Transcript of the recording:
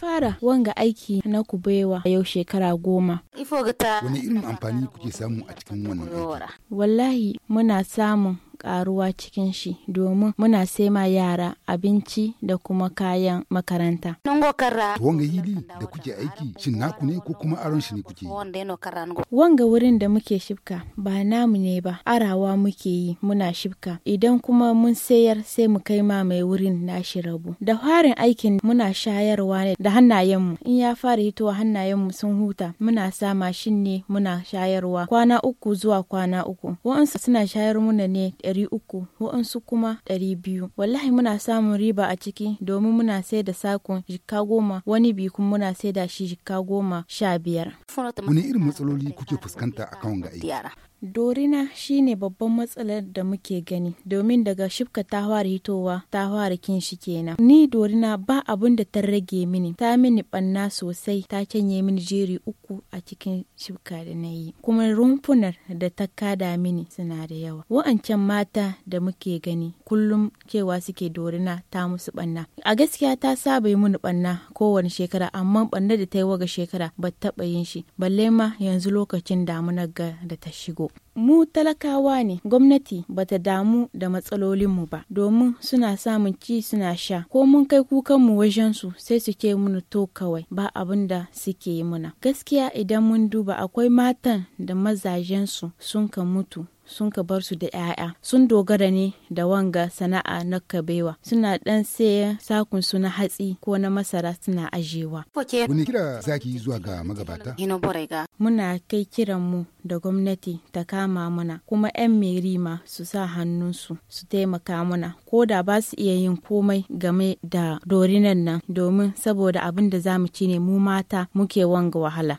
fara wanga aiki na kubewa yau shekara goma. Wani irin amfani kuke samu a cikin wannan aiki? Wallahi muna samun karuwa cikin shi domin muna ma yara abinci da kuma kayan makaranta. Wanga yili da kuke aiki shin naku ne ko kuma aron shi ne kuke Wanga wurin da muke shifka ba namu ne ba arawa muke yi muna shifka idan kuma mun sayar sai mu kai ma mai wurin nashi rabu. Da farin aikin muna shayarwa ne da hannayenmu in ya fara hitowa hannayenmu sun huta muna sa mashin ne muna shayarwa kwana uku zuwa kwana uku. Wa'ansu suna shayar muna ne ɗari uku wa'ansu kuma ɗari biyu wallahi muna samun riba a ciki domin muna sai da sakon jikka goma wani bi kuma muna sai da shi jikka goma sha biyar. wani irin matsaloli kuke fuskanta a kan ga aiki dorina shine babban matsalar da muke gani domin daga shifka ta fara hitowa ta fara kinshi kenan ni dorina ba abun da ta rage mini ta mini banna sosai ta canye mini jeri uku a cikin shifka da na yi kuma rumfunar da ta kada mini suna da yawa wa'ancan mata da muke gani kullum cewa suke dorina ta musu banna a gaskiya ta saba yi mini banna kowane shekara amma banna da ta yi waga shekara ba taɓa yin shi balle ma yanzu lokacin damunar ga da ta shigo mu talakawa ne gwamnati bata damu da matsalolinmu ba domin suna samun ci suna sha ko mun kai kukanmu wajensu sai suke munu to kawai ba abin da suke yi muna gaskiya idan mun duba akwai matan da mazajensu sun ka mutu sun ka bar su da 'ya'ya sun dogara ne da wanga sana'a na kabewa suna dan sayan sakun su na hatsi ko na masara suna ajewa. Wani kira zaki zuwa ga magabata? Muna kai kiran mu da gwamnati ta kama mana kuma 'yan merima su sa hannunsu su taimaka mana ko da ba su iya yin komai game da dorinan nan domin saboda abin da za mu ci ne mu mata muke wanga wahala.